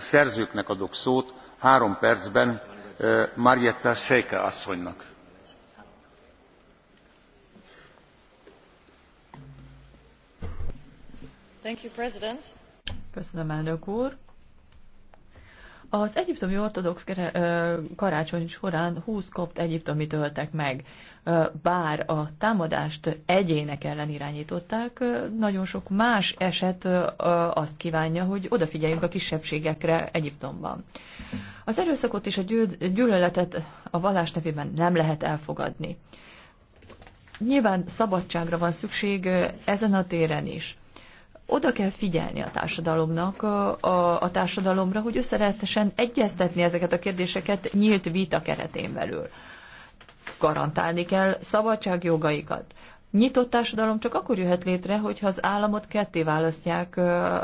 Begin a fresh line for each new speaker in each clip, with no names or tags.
szerzőknek adok szót három percben marietta schaake asszonynak.
Köszönöm, elnök úr! Az egyiptomi ortodox karácsony során 20 kopt egyiptomi töltek meg. Bár a támadást egyének ellen irányították, nagyon sok más eset azt kívánja, hogy odafigyeljünk a kisebbségekre Egyiptomban. Az erőszakot és a gyűlöletet a vallás nevében nem lehet elfogadni. Nyilván szabadságra van szükség ezen a téren is oda kell figyelni a társadalomnak, a, a, a társadalomra, hogy összeretesen egyeztetni ezeket a kérdéseket nyílt vita keretén belül. Garantálni kell szabadságjogaikat nyitott társadalom csak akkor jöhet létre, hogyha az államot ketté választják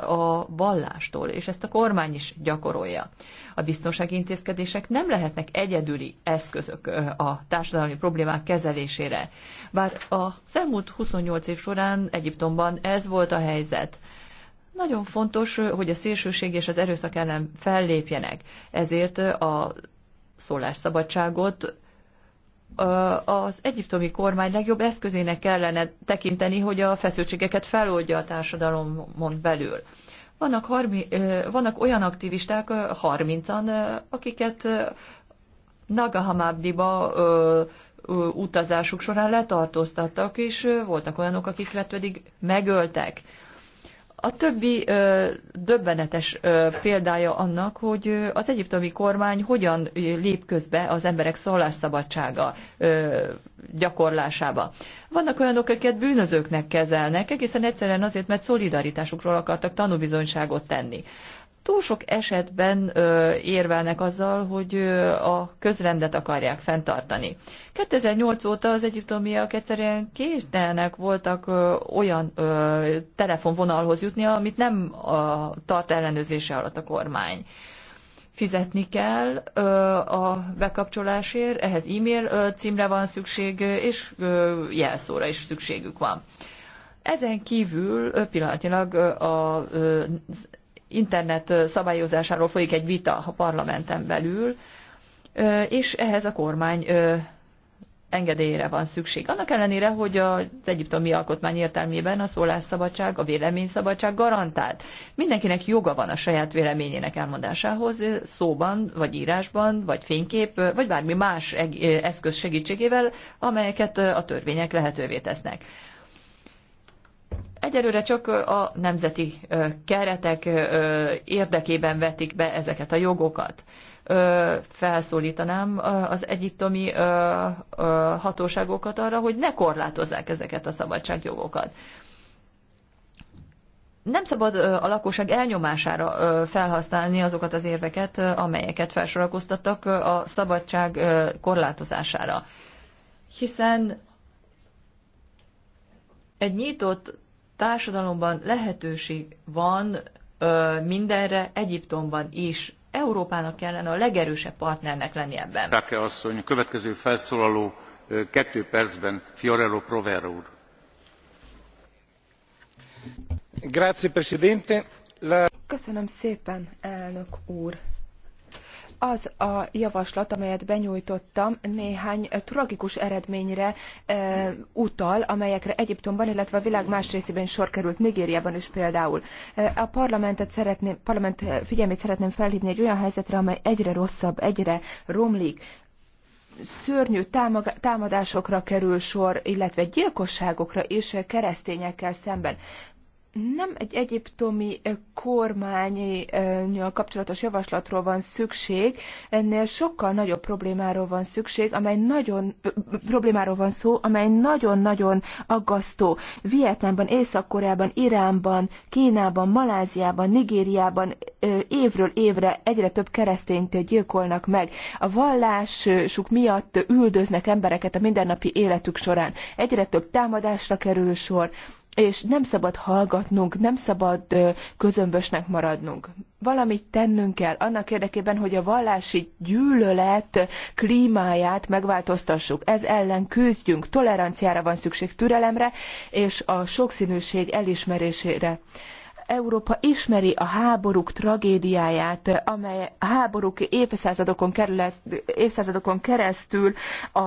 a vallástól, és ezt a kormány is gyakorolja. A biztonsági intézkedések nem lehetnek egyedüli eszközök a társadalmi problémák kezelésére. Bár a elmúlt 28 év során Egyiptomban ez volt a helyzet. Nagyon fontos, hogy a szélsőség és az erőszak ellen fellépjenek. Ezért a szólásszabadságot az egyiptomi kormány legjobb eszközének kellene tekinteni, hogy a feszültségeket feloldja a társadalomon belül. Vannak, harmi, vannak olyan aktivisták, 30-an, akiket Nagahamabdiba utazásuk során letartóztattak, és voltak olyanok, akiket pedig megöltek. A többi ö, döbbenetes ö, példája annak, hogy az egyiptomi kormány hogyan lép közbe az emberek szólásszabadsága ö, gyakorlásába. Vannak olyanok, akiket bűnözőknek kezelnek, egészen egyszerűen azért, mert szolidaritásukról akartak tanúbizonyságot tenni túl sok esetben ö, érvelnek azzal, hogy ö, a közrendet akarják fenntartani. 2008 óta az egyiptomiak egyszerűen késztelnek voltak ö, olyan ö, telefonvonalhoz jutni, amit nem a, tart ellenőrzése alatt a kormány. Fizetni kell ö, a bekapcsolásért, ehhez e-mail címre van szükség, és ö, jelszóra is szükségük van. Ezen kívül pillanatilag az internet szabályozásáról folyik egy vita a parlamenten belül, és ehhez a kormány engedélyre van szükség. Annak ellenére, hogy az egyiptomi alkotmány értelmében a szólásszabadság, a véleményszabadság garantált. Mindenkinek joga van a saját véleményének elmondásához, szóban, vagy írásban, vagy fénykép, vagy bármi más eszköz segítségével, amelyeket a törvények lehetővé tesznek. Egyelőre csak a nemzeti keretek érdekében vetik be ezeket a jogokat. Felszólítanám az egyiptomi hatóságokat arra, hogy ne korlátozzák ezeket a szabadságjogokat. Nem szabad a lakosság elnyomására felhasználni azokat az érveket, amelyeket felsorakoztattak a szabadság korlátozására. Hiszen egy nyitott társadalomban lehetőség van ö, mindenre, Egyiptomban is. Európának kellene a legerősebb partnernek lenni ebben.
Ráke asszony, következő felszólaló kettő percben Fiorello Provera úr.
Grazie, Presidente. La... Köszönöm szépen, elnök úr az a javaslat, amelyet benyújtottam, néhány tragikus eredményre e, utal, amelyekre Egyiptomban, illetve a világ más részében sor került, Nigériában is például. E, a parlamentet szeretném, parlament figyelmét szeretném felhívni egy olyan helyzetre, amely egyre rosszabb, egyre romlik szörnyű támadásokra kerül sor, illetve gyilkosságokra és keresztényekkel szemben nem egy egyiptomi eh, kormányi kapcsolatos javaslatról van szükség, ennél sokkal nagyobb problémáról van szükség, amely nagyon problémáról van szó, amely nagyon-nagyon aggasztó. Vietnámban, Észak-Koreában, Iránban, Kínában, Maláziában, Nigériában évről évre egyre több keresztényt gyilkolnak meg. A vallásuk miatt üldöznek embereket a mindennapi életük során. Egyre több támadásra kerül sor és nem szabad hallgatnunk, nem szabad közömbösnek maradnunk. Valamit tennünk kell annak érdekében, hogy a vallási gyűlölet klímáját megváltoztassuk. Ez ellen küzdjünk, toleranciára van szükség, türelemre és a sokszínűség elismerésére. Európa ismeri a háborúk tragédiáját, amely a háborúk évszázadokon, kerület, évszázadokon keresztül a,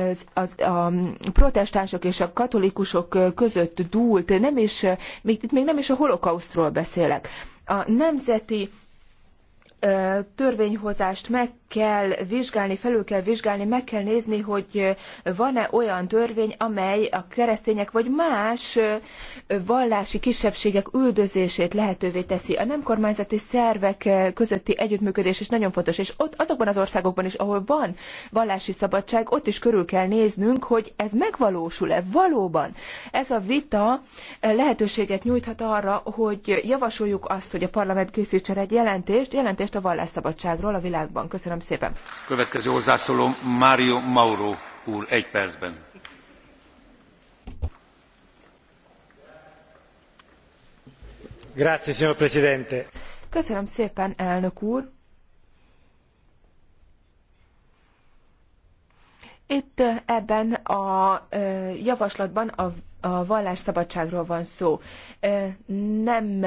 az, az, a protestánsok és a katolikusok között dúlt, nem is, még, még nem is a holokausztról beszélek. A nemzeti törvényhozást meg kell vizsgálni, felül kell vizsgálni, meg kell nézni, hogy van-e olyan törvény, amely a keresztények vagy más vallási kisebbségek üldözését lehetővé teszi. A nem kormányzati szervek közötti együttműködés is nagyon fontos, és ott azokban az országokban is, ahol van vallási szabadság, ott is körül kell néznünk, hogy ez megvalósul-e valóban. Ez a vita lehetőséget nyújthat arra, hogy javasoljuk azt, hogy a parlament készítsen egy jelentést, jelentést a vallásszabadságról a világban. Köszönöm Köszönöm szépen.
Következő hozzászóló Mário Mauro úr egy percben. Grazie, signor Presidente.
Köszönöm szépen, elnök úr. Itt eh, ebben a eh, javaslatban a a vallásszabadságról van szó. Nem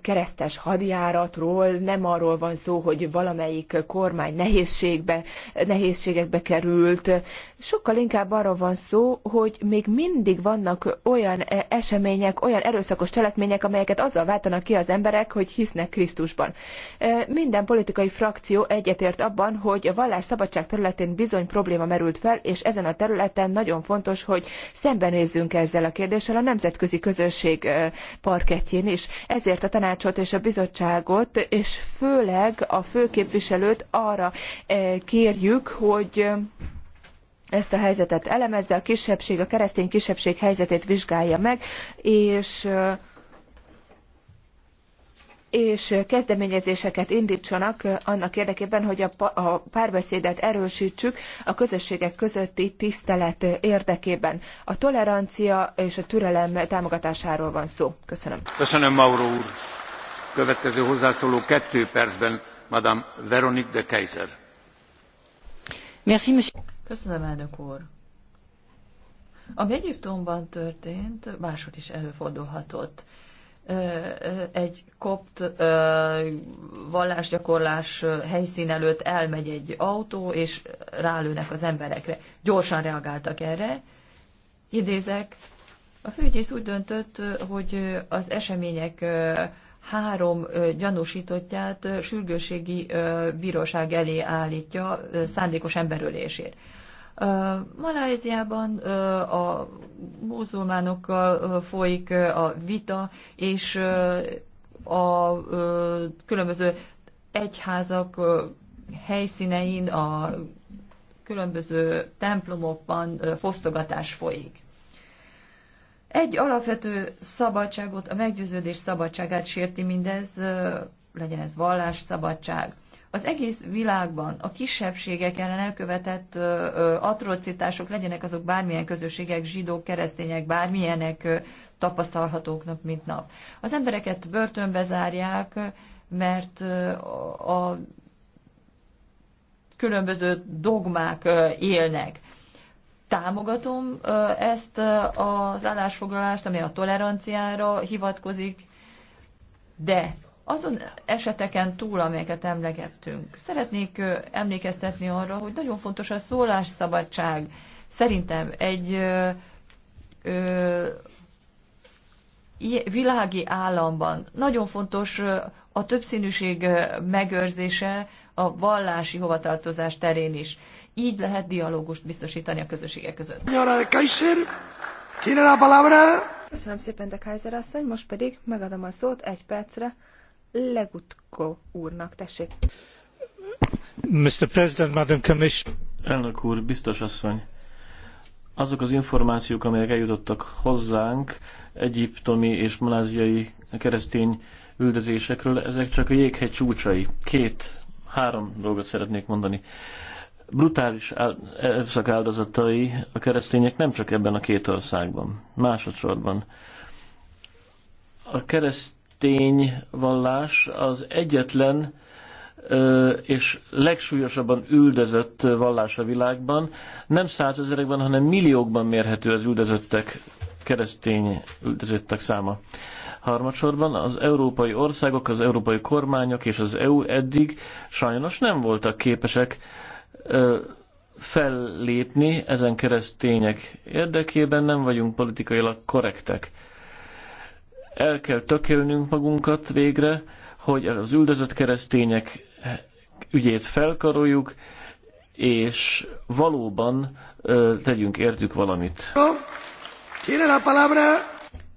keresztes hadjáratról, nem arról van szó, hogy valamelyik kormány nehézségbe, nehézségekbe került. Sokkal inkább arról van szó, hogy még mindig vannak olyan események, olyan erőszakos cselekmények, amelyeket azzal váltanak ki az emberek, hogy hisznek Krisztusban. Minden politikai frakció egyetért abban, hogy a vallásszabadság területén bizony probléma merült fel, és ezen a területen nagyon fontos, hogy szembenézzünk ezzel ezzel a kérdéssel a nemzetközi közösség parketjén is. Ezért a tanácsot és a bizottságot, és főleg a főképviselőt arra kérjük, hogy ezt a helyzetet elemezze, a kisebbség, a keresztény kisebbség helyzetét vizsgálja meg, és és kezdeményezéseket indítsanak eh, annak érdekében, hogy a párbeszédet erősítsük a közösségek közötti tisztelet eh, érdekében. A tolerancia és a türelem támogatásáról van szó. Köszönöm.
Köszönöm, Mauro úr. Következő hozzászóló kettő percben, Madame Veronique de Kaiser.
Merci, monsieur. Köszönöm, elnök úr. Ami Egyiptomban történt, máshol is előfordulhatott egy kopt vallásgyakorlás helyszín előtt elmegy egy autó, és rálőnek az emberekre. Gyorsan reagáltak erre. Idézek, a főgyész úgy döntött, hogy az események három gyanúsítottját sürgőségi bíróság elé állítja szándékos emberölésért. Maláziában a muzulmánokkal folyik a vita, és a különböző egyházak helyszínein, a különböző templomokban fosztogatás folyik. Egy alapvető szabadságot, a meggyőződés szabadságát sérti mindez, legyen ez vallás szabadság az egész világban a kisebbségek ellen elkövetett atrocitások, legyenek azok bármilyen közösségek, zsidók, keresztények, bármilyenek tapasztalhatók nap mint nap. Az embereket börtönbe zárják, mert a különböző dogmák élnek. Támogatom ezt az állásfoglalást, ami a toleranciára hivatkozik, de azon eseteken túl, amelyeket emlegettünk, szeretnék emlékeztetni arra, hogy nagyon fontos a szólásszabadság. Szerintem egy ö, ö, világi államban nagyon fontos a többszínűség megőrzése a vallási hovatartozás terén is. Így lehet dialógust biztosítani a közösségek között.
Köszönöm szépen, de Kaiser asszony, most pedig megadom a szót egy percre Legutko úrnak, tessék.
Mr. President, Madam Elnök úr, biztos asszony. Azok az információk, amelyek eljutottak hozzánk egyiptomi és maláziai keresztény üldözésekről, ezek csak a jéghegy csúcsai. Két, három dolgot szeretnék mondani brutális erőszak áldozatai a keresztények nem csak ebben a két országban, másodszorban. A kereszt Keresztény vallás az egyetlen és legsúlyosabban üldözött vallás a világban. Nem százezerekben, hanem milliókban mérhető az üldözöttek, keresztény üldözöttek száma. Harmadsorban az európai országok, az európai kormányok és az EU eddig sajnos nem voltak képesek fellépni ezen keresztények érdekében, nem vagyunk politikailag korrektek. El kell tökélnünk magunkat végre, hogy az üldözött keresztények ügyét felkaroljuk, és valóban ö, tegyünk értük valamit.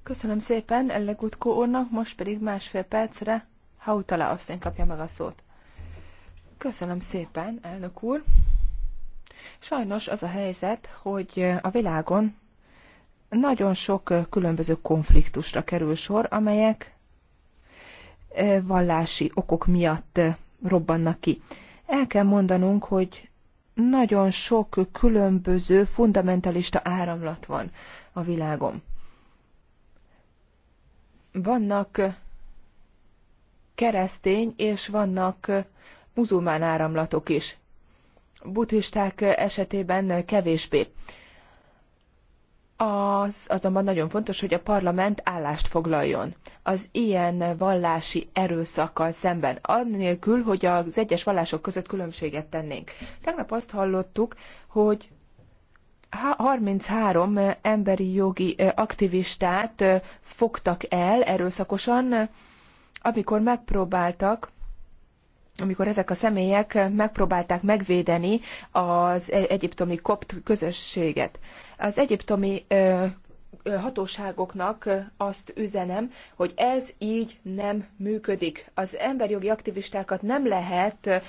Köszönöm szépen Ellegutko úrnak, most pedig másfél percre Hautala asszony kapja meg a szót. Köszönöm szépen, elnök úr. Sajnos az a helyzet, hogy a világon nagyon sok különböző konfliktusra kerül sor, amelyek vallási okok miatt robbannak ki. El kell mondanunk, hogy nagyon sok különböző fundamentalista áramlat van a világon. Vannak keresztény és vannak muzulmán áramlatok is. Buddhisták esetében kevésbé az azonban nagyon fontos, hogy a parlament állást foglaljon az ilyen vallási erőszakkal szemben, annélkül, hogy az egyes vallások között különbséget tennénk. Tegnap azt hallottuk, hogy 33 emberi jogi aktivistát fogtak el erőszakosan, amikor megpróbáltak amikor ezek a személyek megpróbálták megvédeni az e- egyiptomi kopt közösséget. Az egyiptomi hatóságoknak azt üzenem, hogy ez így nem működik. Az emberjogi aktivistákat nem lehet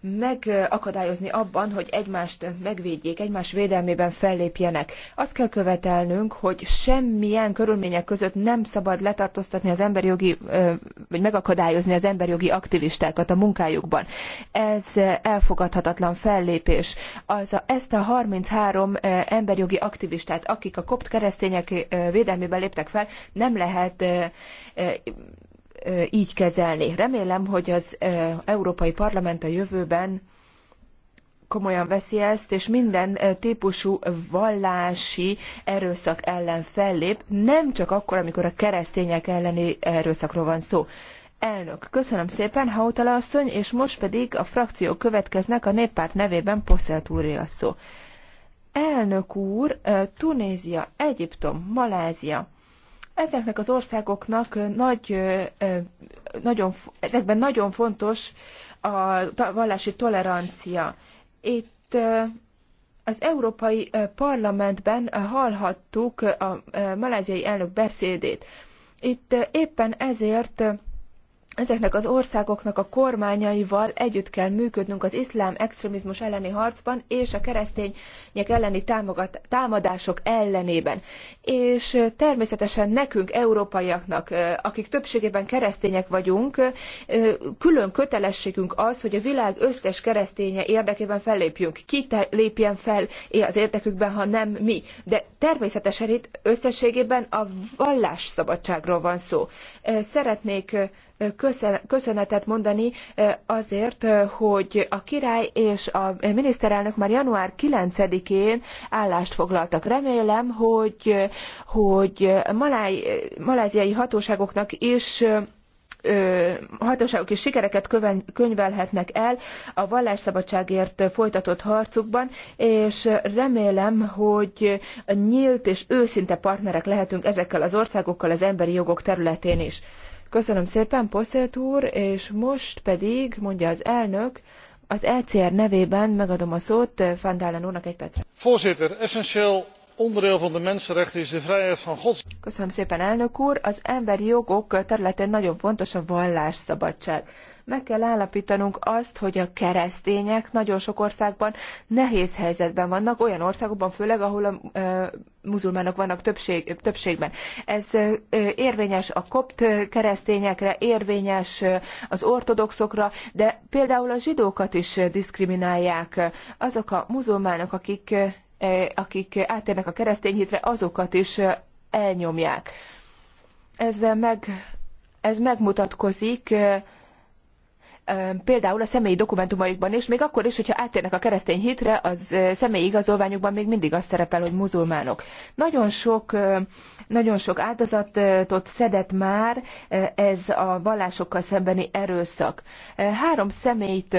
megakadályozni abban, hogy egymást megvédjék, egymás védelmében fellépjenek. Azt kell követelnünk, hogy semmilyen körülmények között nem szabad letartóztatni az emberi jogi, vagy megakadályozni az emberi jogi aktivistákat a munkájukban. Ez elfogadhatatlan fellépés. Az a, ezt a 33 emberi jogi aktivistát, akik a kopt keresztények védelmében léptek fel, nem lehet így kezelni. Remélem, hogy az Európai Parlament a jövőben komolyan veszi ezt, és minden típusú vallási erőszak ellen fellép, nem csak akkor, amikor a keresztények elleni erőszakról van szó. Elnök, köszönöm szépen, Hautala asszony, és most pedig a frakciók következnek, a néppárt nevében Poszelt úré a szó. Elnök úr, Tunézia, Egyiptom, Malázia, Ezeknek az országoknak nagy, nagyon, ezekben nagyon fontos a vallási tolerancia. Itt az Európai Parlamentben hallhattuk a maláziai elnök beszédét. Itt éppen ezért ezeknek az országoknak a kormányaival együtt kell működnünk az iszlám extrémizmus elleni harcban és a keresztények elleni támogat, támadások ellenében. És természetesen nekünk, európaiaknak, akik többségében keresztények vagyunk, külön kötelességünk az, hogy a világ összes kereszténye érdekében fellépjünk. Ki lépjen fel az érdekükben, ha nem mi. De természetesen itt összességében a vallásszabadságról van szó. Szeretnék köszönetet mondani azért, hogy a király és a miniszterelnök már január 9-én állást foglaltak. Remélem, hogy, hogy maláj, maláziai hatóságoknak is hatóságok is sikereket köven, könyvelhetnek el a vallásszabadságért folytatott harcukban, és remélem, hogy nyílt és őszinte partnerek lehetünk ezekkel az országokkal az emberi jogok területén is. Köszönöm szépen, Poszélt úr, és most pedig, mondja az elnök, az ECR nevében megadom a szót eh, Van Dalen úrnak egy percre.
Voorzitter, essentieel onderdeel van de mensenrechten is de vrijheid van gods.
Köszönöm szépen, elnök úr. Az emberi jogok területén nagyon fontos a vallásszabadság. Meg kell állapítanunk azt, hogy a keresztények nagyon sok országban nehéz helyzetben vannak, olyan országokban főleg, ahol a muzulmánok vannak többség, többségben. Ez érvényes a kopt keresztényekre, érvényes az ortodoxokra, de például a zsidókat is diszkriminálják. Azok a muzulmánok, akik, akik átérnek a keresztény hitre, azokat is elnyomják. Ez, meg, ez megmutatkozik például a személyi dokumentumaikban is, még akkor is, hogyha áttérnek a keresztény hitre, az személyi igazolványukban még mindig az szerepel, hogy muzulmánok. Nagyon sok, nagyon sok áldozatot szedett már ez a vallásokkal szembeni erőszak. Három személyt,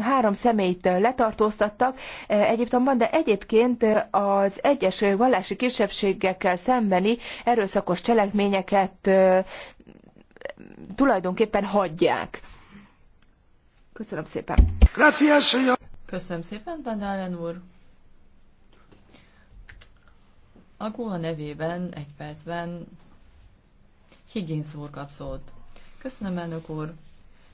három személyt letartóztattak Egyiptomban, de egyébként az egyes vallási kisebbségekkel szembeni erőszakos cselekményeket tulajdonképpen hagyják. Köszönöm szépen.
Köszönöm szépen, Van úr. A Guha nevében egy percben Higgins úr kap szót. Köszönöm, elnök úr.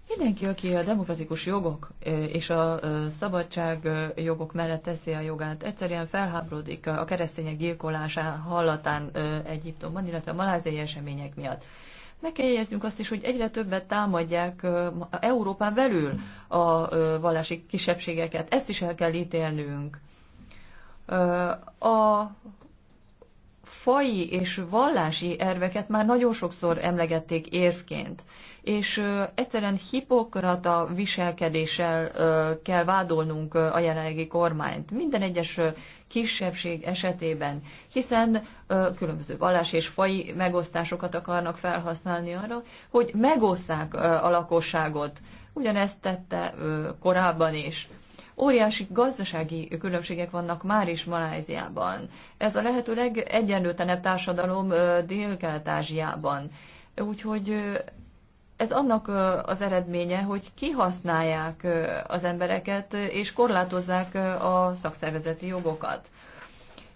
Mindenki, aki a demokratikus jogok és a szabadság jogok mellett teszi a jogát, egyszerűen felháborodik a keresztények gyilkolásán hallatán Egyiptomban, illetve a malázai események miatt. Meg kell jegyeznünk azt is, hogy egyre többet támadják Európán belül a vallási kisebbségeket. Ezt is el kell ítélnünk. A faji és vallási erveket már nagyon sokszor emlegették érvként, és egyszerűen hipokrata viselkedéssel kell vádolnunk a jelenlegi kormányt minden egyes kisebbség esetében, hiszen különböző vallás és faji megosztásokat akarnak felhasználni arra, hogy megosszák a lakosságot. Ugyanezt tette korábban is. Óriási gazdasági különbségek vannak már is Maláziában. Ez a lehető legegyenlőtlenebb társadalom Dél-Kelet-Ázsiában. Úgyhogy ez annak az eredménye, hogy kihasználják az embereket, és korlátozzák a szakszervezeti jogokat.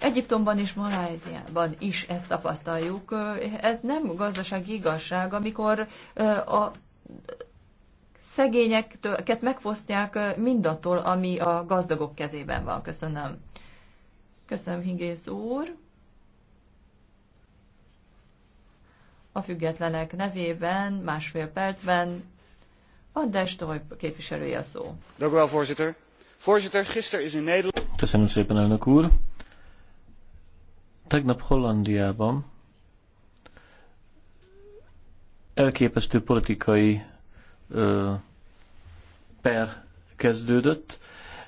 Egyiptomban és Maláziában is ezt tapasztaljuk. Ez nem gazdasági igazság, amikor a szegényeket megfosztják mindattól, ami a gazdagok kezében van. Köszönöm. Köszönöm, Higgész úr. A függetlenek nevében másfél percben Van de, Stolp képviselője a szó.
Dank u wel, voorzitter. Voorzitter, gisteren is in Nederland... Köszönöm szépen, elnök úr. Tegnap Hollandiában elképesztő politikai per kezdődött.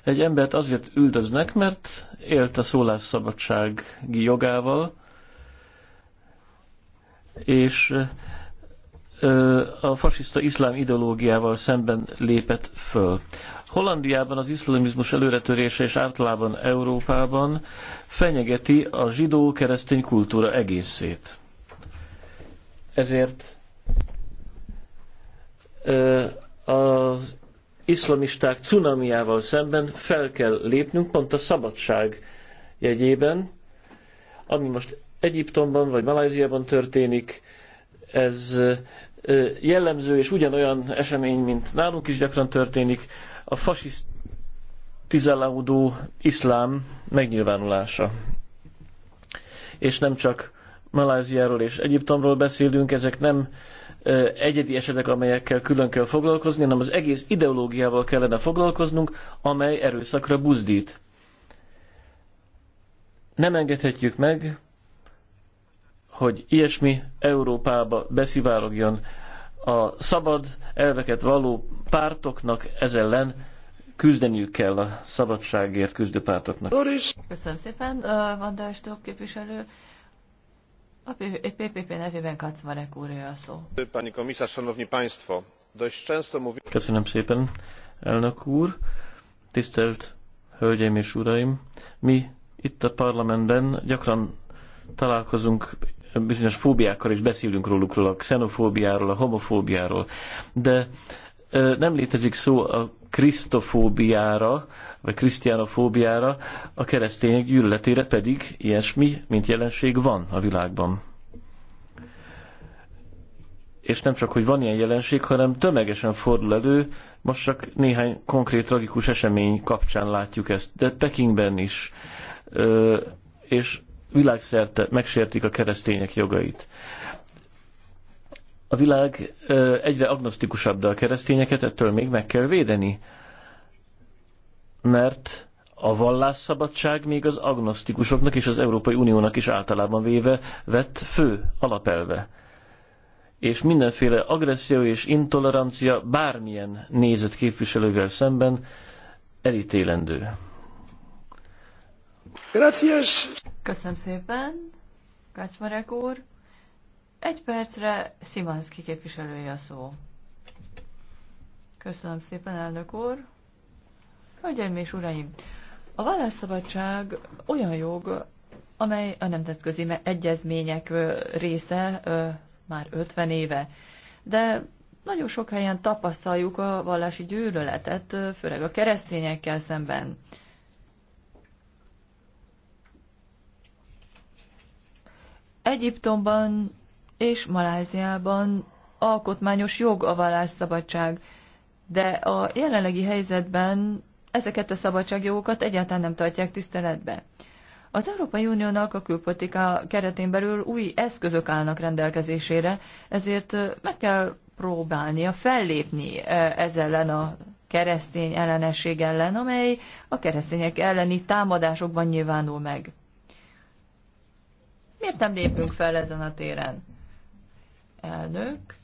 Egy embert azért üldöznek, mert élt a szólásszabadsági jogával, és a fasiszta iszlám ideológiával szemben lépett föl. Hollandiában az iszlamizmus előretörése és általában Európában fenyegeti a zsidó-keresztény kultúra egészét. Ezért az iszlamisták cunamiával szemben fel kell lépnünk, pont a szabadság jegyében, ami most Egyiptomban vagy Malajziában történik, ez jellemző és ugyanolyan esemény, mint nálunk is gyakran történik, a fasisztizálódó iszlám megnyilvánulása. És nem csak Maláziáról és Egyiptomról beszélünk, ezek nem egyedi esetek, amelyekkel külön kell foglalkozni, hanem az egész ideológiával kellene foglalkoznunk, amely erőszakra buzdít. Nem engedhetjük meg, hogy ilyesmi Európába beszivárogjon. A szabad elveket való pártoknak ez ellen küzdeniük kell a szabadságért küzdő pártoknak.
Köszönöm szépen, Vandás képviselő. A szó.
Pani komisarz, szanowni państwo, dość często elnök úr. Tisztelt hölgyeim és uraim, mi itt a parlamentben gyakran találkozunk bizonyos fóbiákkal, és beszélünk róluk, a xenofóbiáról, a homofóbiáról, de nem létezik szó a krisztofóbiára, vagy krisztiánofóbiára, a keresztények gyűlöletére pedig ilyesmi, mint jelenség van a világban. És nem csak, hogy van ilyen jelenség, hanem tömegesen fordul elő, most csak néhány konkrét tragikus esemény kapcsán látjuk ezt, de Pekingben is, és világszerte megsértik a keresztények jogait a világ egyre agnosztikusabb, de a keresztényeket ettől még meg kell védeni. Mert a vallásszabadság még az agnosztikusoknak és az Európai Uniónak is általában véve vett fő alapelve. És mindenféle agresszió és intolerancia bármilyen nézet képviselővel szemben elítélendő.
Köszönöm szépen, Kacsmarek úr. Egy percre Szimanszki képviselője a szó. Köszönöm szépen, elnök úr. Hölgyeim és uraim, a vallásszabadság olyan jog, amely a nemzetközi egyezmények része már 50 éve. De nagyon sok helyen tapasztaljuk a vallási gyűlöletet, főleg a keresztényekkel szemben. Egyiptomban és Maláziában alkotmányos jog a vallásszabadság, de a jelenlegi helyzetben ezeket a szabadságjogokat egyáltalán nem tartják tiszteletbe. Az Európai Uniónak a külpolitika keretén belül új eszközök állnak rendelkezésére, ezért meg kell próbálnia fellépni ez ellen a keresztény ellenesség ellen, amely a keresztények elleni támadásokban nyilvánul meg. Miért nem lépünk fel ezen a téren?
Elnök.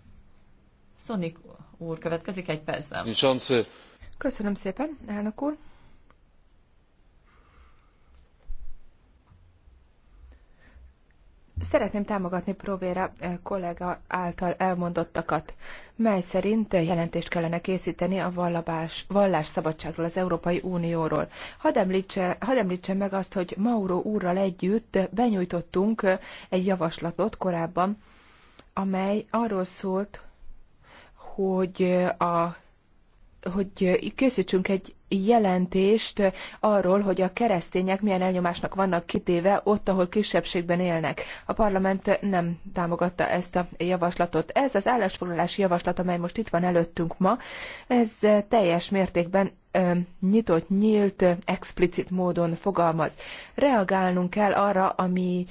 Szonik úr következik egy percben.
Köszönöm szépen, elnök úr. Szeretném támogatni Provéra eh, kollega által elmondottakat, mely szerint jelentést kellene készíteni a vallabás, vallásszabadságról az Európai Unióról. Hadd említsen, hadd említsen meg azt, hogy Mauro úrral együtt benyújtottunk eh, egy javaslatot korábban amely arról szólt, hogy a hogy készítsünk egy jelentést arról, hogy a keresztények milyen elnyomásnak vannak kitéve ott, ahol kisebbségben élnek. A parlament nem támogatta ezt a javaslatot. Ez az állásfoglalási javaslat, amely most itt van előttünk ma, ez teljes mértékben nyitott, nyílt, explicit módon fogalmaz. Reagálnunk kell arra, ami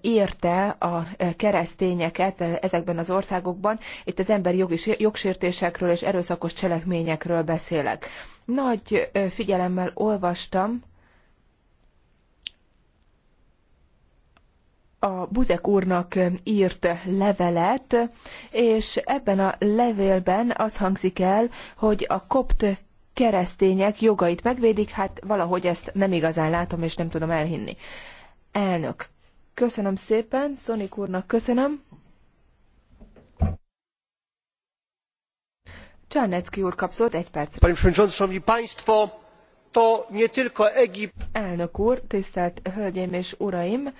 érte a keresztényeket ezekben az országokban. Itt az emberi jogi, jogsértésekről és erőszakos cselekményekről beszélek. Nagy figyelemmel olvastam a Buzek úrnak írt levelet, és ebben a levélben az hangzik el, hogy a kopt keresztények jogait megvédik, hát valahogy ezt nem igazán látom, és nem tudom elhinni. Elnök, köszönöm szépen, Szonik úrnak köszönöm. Csarnecki úr kap szót egy perc. Elnök úr, tisztelt Hölgyeim és Uraim!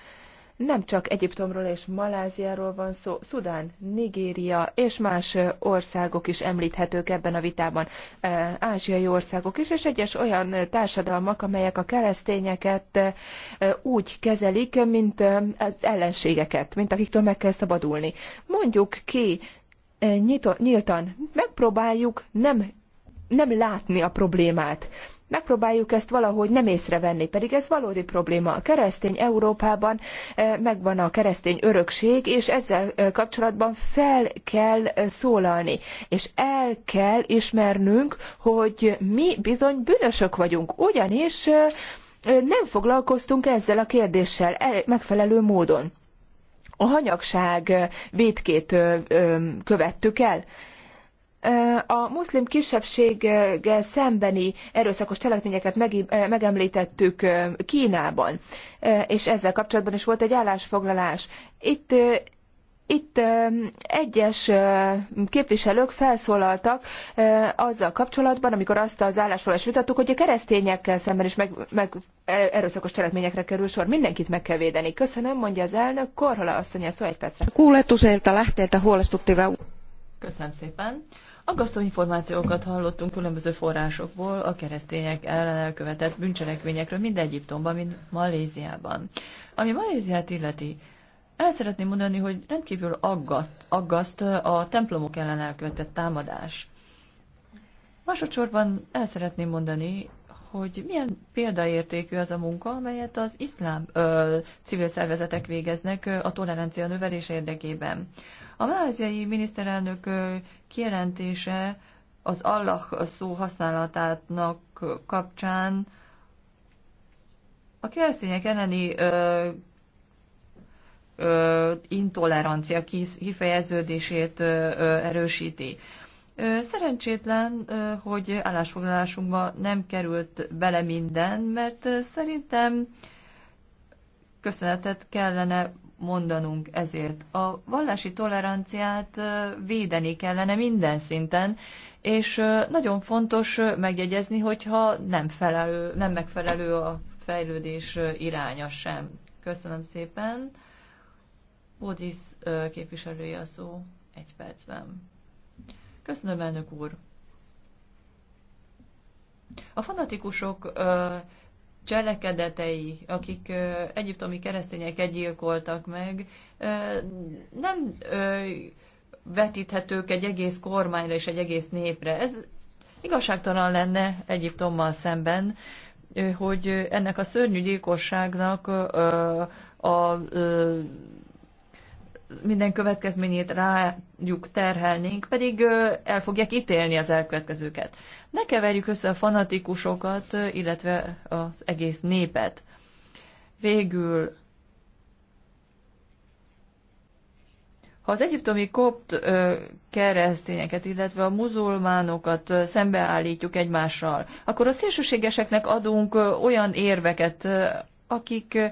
nem csak Egyiptomról és Maláziáról van szó, Szudán, Nigéria és más országok is említhetők ebben a vitában, ázsiai országok is, és egyes olyan társadalmak, amelyek a keresztényeket úgy kezelik, mint az ellenségeket, mint akiktől meg kell szabadulni. Mondjuk ki nyíltan, megpróbáljuk nem nem látni a problémát. Megpróbáljuk ezt valahogy nem észrevenni, pedig ez valódi probléma. A keresztény Európában eh, megvan a keresztény örökség, és ezzel eh, kapcsolatban fel kell eh, szólalni, és el kell ismernünk, hogy mi bizony bűnösök vagyunk, ugyanis nem foglalkoztunk ezzel a kérdéssel e, megfelelő módon. A hanyagság védkét követtük el a muszlim kisebbséggel szembeni erőszakos cselekményeket megemlítettük Kínában, és ezzel kapcsolatban is volt egy állásfoglalás. Itt itt egyes képviselők felszólaltak azzal kapcsolatban, amikor azt az állásfoglalást vitattuk, hogy a keresztényekkel szemben is meg, meg erőszakos cselekményekre kerül sor. Mindenkit meg kell védeni. Köszönöm, mondja az elnök. Korhola asszony, szó egy percre. a lähteiltä huolestuttava. Köszönöm szépen. Aggasztó információkat hallottunk
különböző forrásokból a keresztények ellen elkövetett bűncselekményekről mind Egyiptomban, mind Maléziában. Ami Maléziát illeti, el szeretném mondani, hogy rendkívül aggat, aggaszt a templomok ellen elkövetett támadás. Másodszorban el szeretném mondani, hogy milyen példaértékű az a munka, amelyet az iszlám ö, civil szervezetek végeznek a tolerancia növelés érdekében. A maláziai miniszterelnök kijelentése az Allah szó használatának kapcsán a keresztények elleni ö, ö, intolerancia kifejeződését ö, erősíti. Szerencsétlen, hogy állásfoglalásunkba nem került bele minden, mert szerintem köszönetet kellene mondanunk ezért. A vallási toleranciát védeni kellene minden szinten, és nagyon fontos megjegyezni, hogyha nem, felelő, nem megfelelő a fejlődés iránya sem. Köszönöm szépen. Bodis képviselője a szó egy percben. Köszönöm, elnök úr. A fanatikusok cselekedetei, akik egyiptomi keresztényeket gyilkoltak meg, nem vetíthetők egy egész kormányra és egy egész népre. Ez igazságtalan lenne Egyiptommal szemben, hogy ennek a szörnyű gyilkosságnak a, a, a minden következményét rájuk terhelnénk, pedig el fogják ítélni az elkövetkezőket. Ne keverjük össze a fanatikusokat, illetve az egész népet. Végül, ha az egyiptomi kopt keresztényeket, illetve a muzulmánokat szembeállítjuk egymással, akkor a szélsőségeseknek adunk olyan érveket, akik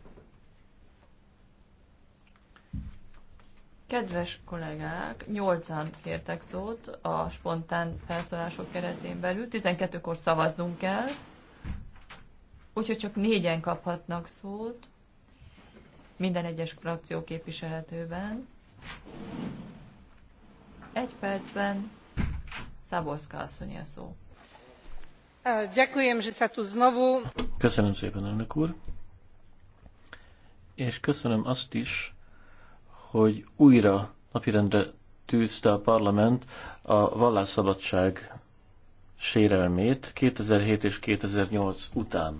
Kedves kollégák, nyolcan an kértek szót a spontán felszólások keretén belül. 12-kor szavaznunk kell, úgyhogy csak négyen kaphatnak szót minden egyes frakció képviseletőben. Egy percben Szaborszka asszony a szó.
Köszönöm szépen, elnök úr. És köszönöm azt is, hogy újra napirendre tűzte a parlament a vallásszabadság sérelmét 2007 és 2008 után.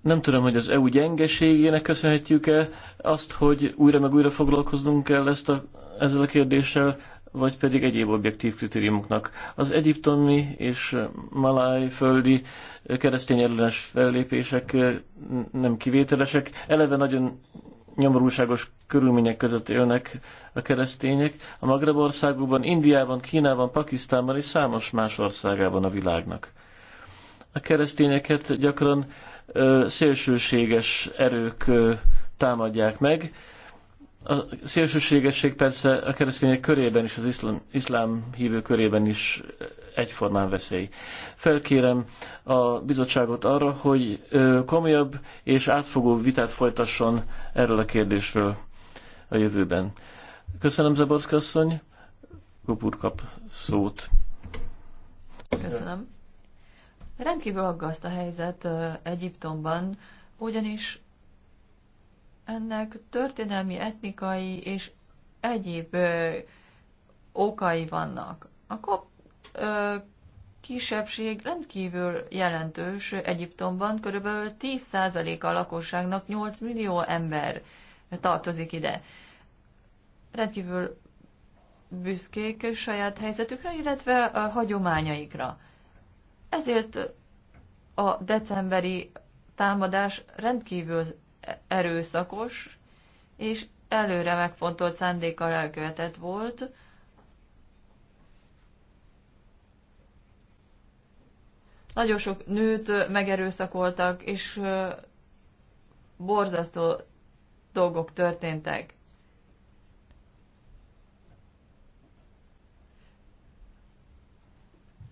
Nem tudom, hogy az EU gyengeségének köszönhetjük-e azt, hogy újra meg újra foglalkoznunk kell ezt a, ezzel a kérdéssel, vagy pedig egyéb objektív kritériumoknak. Az egyiptomi és maláj földi keresztény ellenes fellépések nem kivételesek. Eleve nagyon nyomorúságos körülmények között élnek a keresztények. A Magreb országokban, Indiában, Kínában, Pakisztánban és számos más országában a világnak. A keresztényeket gyakran ö, szélsőséges erők ö, támadják meg, a szélsőségesség persze a keresztények körében is, az iszlám, iszlám hívő körében is egyformán veszély. Felkérem a bizottságot arra, hogy komolyabb és átfogó vitát folytasson erről a kérdésről a jövőben. Köszönöm, Zaborszka asszony. Kupur kap szót.
Köszönöm. Rendkívül aggaszt a helyzet Egyiptomban, ugyanis ennek történelmi, etnikai és egyéb ö, okai vannak. A kop ö, kisebbség rendkívül jelentős Egyiptomban, körülbelül 10% a lakosságnak 8 millió ember tartozik ide. Rendkívül büszkék saját helyzetükre, illetve a hagyományaikra. Ezért a decemberi támadás rendkívül erőszakos, és előre megfontolt szándékkal elkövetett volt, nagyon sok nőt megerőszakoltak, és borzasztó dolgok történtek.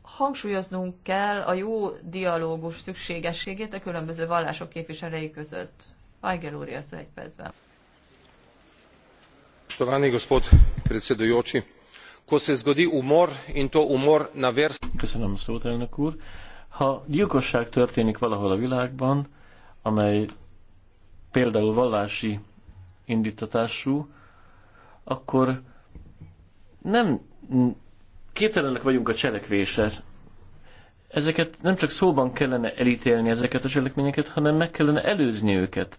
Hangsúlyoznunk kell a jó dialógus szükségességét a különböző vallások képviselői között. Ajgel úr, az egy percben.
Spoštovani gospod
predsedujoči, ko se zgodi umor in to umor na vers... Köszönöm a szót, elnök úr. Ha gyilkosság történik valahol a világban, amely például vallási indítatású, akkor nem képtelenek vagyunk a cselekvésre, ezeket nem csak szóban kellene elítélni ezeket a cselekményeket, hanem meg kellene előzni őket.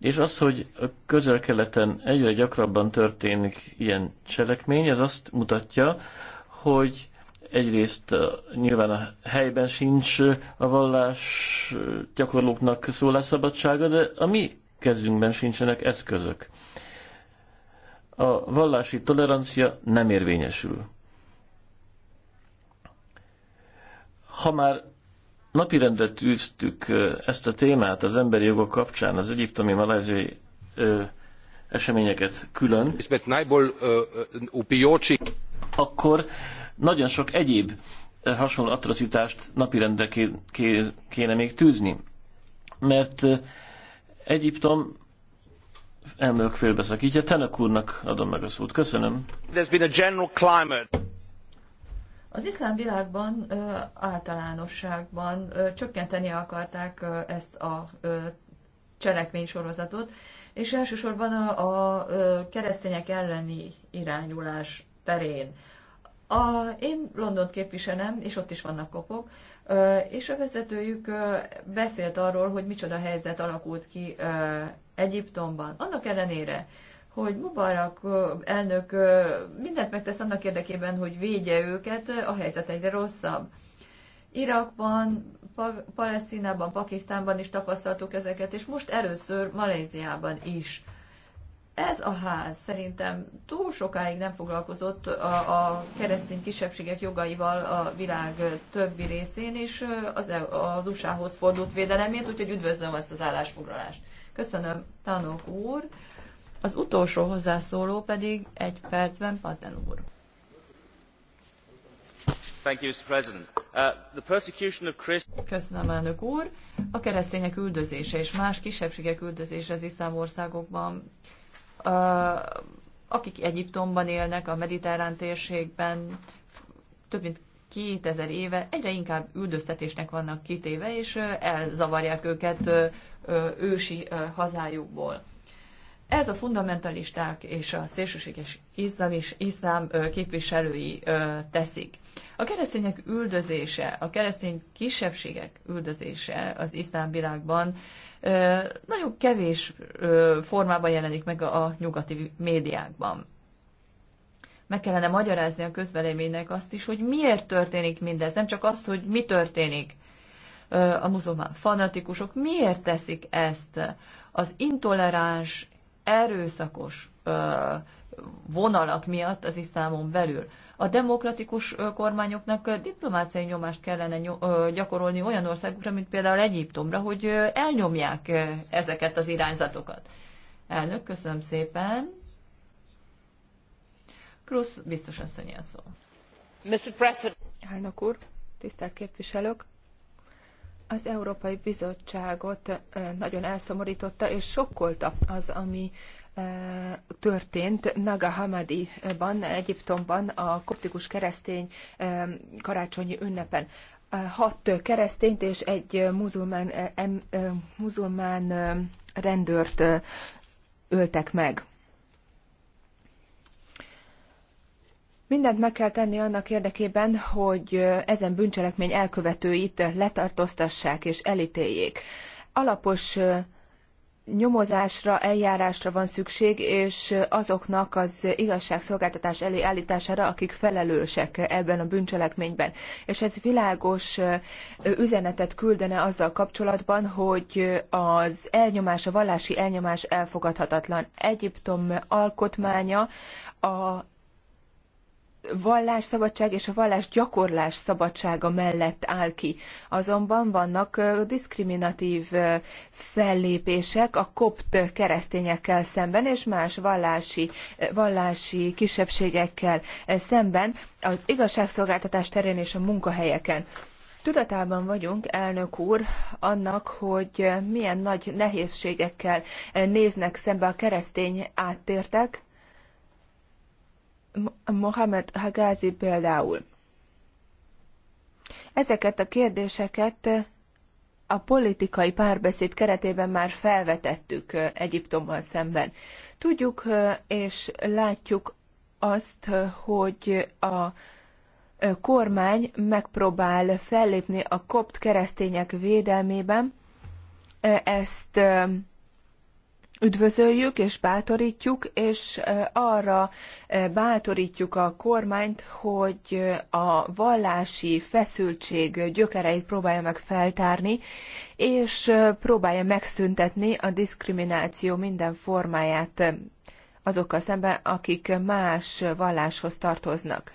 És az, hogy a közel-keleten egyre gyakrabban történik ilyen cselekmény, ez azt mutatja, hogy egyrészt nyilván a helyben sincs a vallás gyakorlóknak szólásszabadsága, de a mi kezünkben sincsenek eszközök. A vallási tolerancia nem érvényesül. Ha már napirendre tűztük ezt a témát az emberi jogok kapcsán, az egyiptomi malajzi eseményeket külön, akkor nagyon sok egyéb hasonló atrocitást napirendre kéne még tűzni. Mert Egyiptom elnök félbeszakítja. Tenek úrnak adom meg a szót. Köszönöm. There's been a general climate.
Az iszlám világban általánosságban csökkenteni akarták ezt a sorozatot, és elsősorban a, a keresztények elleni irányulás terén. A, én London képviselem, és ott is vannak kopok, és a vezetőjük beszélt arról, hogy micsoda helyzet alakult ki Egyiptomban. Annak ellenére, hogy Mubarak elnök mindent megtesz annak érdekében, hogy védje őket, a helyzet egyre rosszabb. Irakban, pa- Palesztinában, Pakisztánban is tapasztaltuk ezeket, és most először Maléziában is. Ez a ház szerintem túl sokáig nem foglalkozott a, a keresztény kisebbségek jogaival a világ többi részén, és az, e-, az USA-hoz fordult védelemért, úgyhogy üdvözlöm ezt az állásfoglalást. Köszönöm, Tanok úr. Az utolsó hozzászóló pedig egy percben Patten úr.
Uh, Köszönöm,
elnök úr. A keresztények üldözése és más kisebbségek üldözése az iszlám országokban, uh, akik Egyiptomban élnek, a mediterrán térségben, több mint 2000 éve egyre inkább üldöztetésnek vannak kitéve, és uh, elzavarják őket ősi hazájukból. Ez a fundamentalisták és a szélsőséges iszlám és iszlám képviselői teszik. A keresztények üldözése, a keresztény kisebbségek üldözése az iszlám világban nagyon kevés formában jelenik meg a nyugati médiákban. Meg kellene magyarázni a közveleménynek azt is, hogy miért történik mindez, nem csak azt, hogy mi történik. A muzulmán fanatikusok miért teszik ezt? Az intoleráns erőszakos vonalak miatt az iszlámon belül. A demokratikus kormányoknak diplomáciai nyomást kellene gyakorolni olyan országokra, mint például Egyiptomra, hogy elnyomják ezeket az irányzatokat. Elnök, köszönöm szépen. Krusz biztos asszony a szó.
Mr. President. Elnök úr, tisztelt képviselők! Az Európai Bizottságot nagyon elszomorította és sokkolta az, ami történt Naga Hamadi-ban, Egyiptomban, a koptikus keresztény karácsonyi ünnepen. Hat keresztényt és egy muzulmán, muzulmán rendőrt öltek meg. Mindent meg kell tenni annak érdekében, hogy ezen bűncselekmény elkövetőit letartóztassák és elítéljék. Alapos nyomozásra, eljárásra van szükség, és azoknak az igazságszolgáltatás elé állítására, akik felelősek ebben a bűncselekményben. És ez világos üzenetet küldene azzal kapcsolatban, hogy az elnyomás, a vallási elnyomás elfogadhatatlan. Egyiptom alkotmánya a vallásszabadság és a vallás gyakorlás szabadsága mellett áll ki. Azonban vannak diszkriminatív fellépések a kopt keresztényekkel szemben és más vallási, vallási kisebbségekkel szemben az igazságszolgáltatás terén és a munkahelyeken. Tudatában vagyunk, elnök úr, annak, hogy milyen nagy nehézségekkel néznek szembe a keresztény áttértek, Mohamed Hagázi például. Ezeket a kérdéseket eh, a politikai párbeszéd keretében már felvetettük eh, Egyiptommal szemben. Tudjuk eh, és látjuk azt, hogy a kormány megpróbál fellépni a kopt keresztények védelmében. Ezt üdvözöljük és bátorítjuk, és arra bátorítjuk a kormányt, hogy a vallási feszültség gyökereit próbálja meg feltárni, és próbálja megszüntetni a diszkrimináció minden formáját azokkal szemben, akik más valláshoz tartoznak.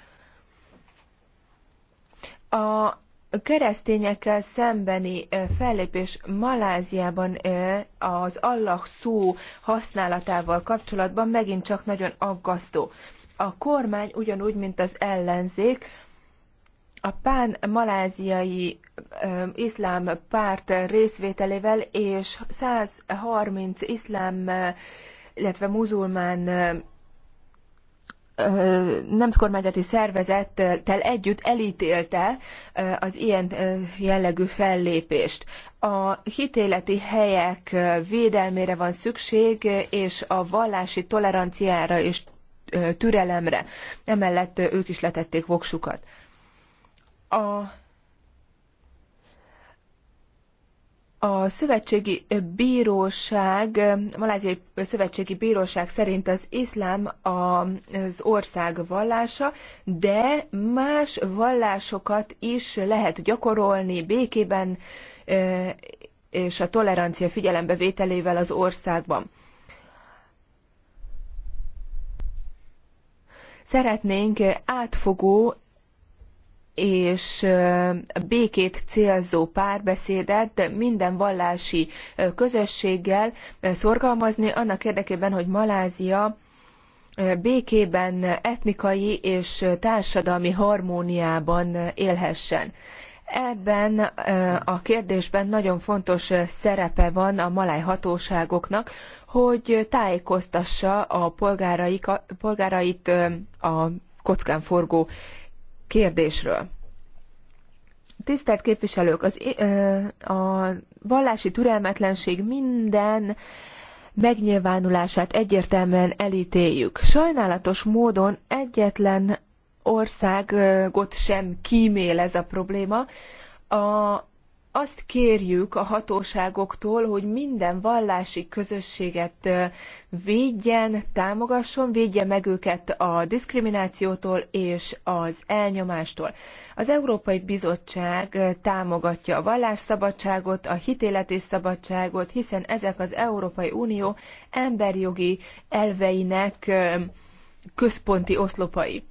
A keresztényekkel szembeni fellépés Maláziában az Allah szó használatával kapcsolatban megint csak nagyon aggasztó. A kormány ugyanúgy, mint az ellenzék, a pán-maláziai iszlám párt részvételével és 130 iszlám, illetve muzulmán nem kormányzati szervezettel együtt elítélte az ilyen jellegű fellépést. A hitéleti helyek védelmére van szükség, és a vallási toleranciára és türelemre. Emellett ők is letették voksukat. A A szövetségi bíróság, Maláziai Szövetségi Bíróság szerint az iszlám az ország vallása, de más vallásokat is lehet gyakorolni békében és a tolerancia vételével az országban. Szeretnénk átfogó és békét célzó párbeszédet minden vallási közösséggel szorgalmazni annak érdekében, hogy Malázia békében, etnikai és társadalmi harmóniában élhessen. Ebben a kérdésben nagyon fontos szerepe van a maláj hatóságoknak, hogy tájékoztassa a polgárait a kockán forgó kérdésről. Tisztelt képviselők, az, a vallási türelmetlenség minden megnyilvánulását egyértelműen elítéljük. Sajnálatos módon egyetlen országot sem kímél ez a probléma. A azt kérjük a hatóságoktól, hogy minden vallási közösséget védjen, támogasson, védje meg őket a diszkriminációtól és az elnyomástól. Az Európai Bizottság támogatja a vallásszabadságot, a hitéletés szabadságot, hiszen ezek az Európai Unió emberjogi elveinek központi oszlopai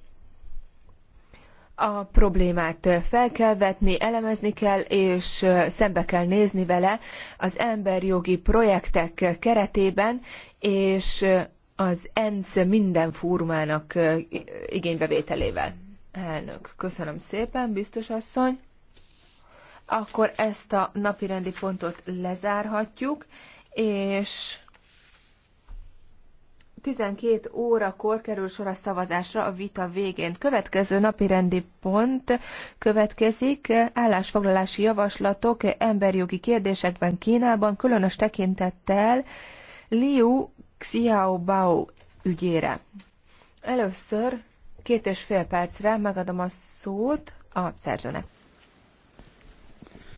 a problémát fel kell vetni, elemezni kell, és szembe kell nézni vele az emberjogi projektek keretében, és az ENSZ minden fórumának igénybevételével. Elnök, köszönöm szépen, biztos asszony. Akkor ezt a napirendi pontot lezárhatjuk, és 12 órakor kerül sor a szavazásra a vita végén. Következő napi rendi pont következik állásfoglalási javaslatok emberjogi kérdésekben Kínában, különös tekintettel Liu Xiaobao ügyére. Először két és fél percre megadom a szót a szerzőnek.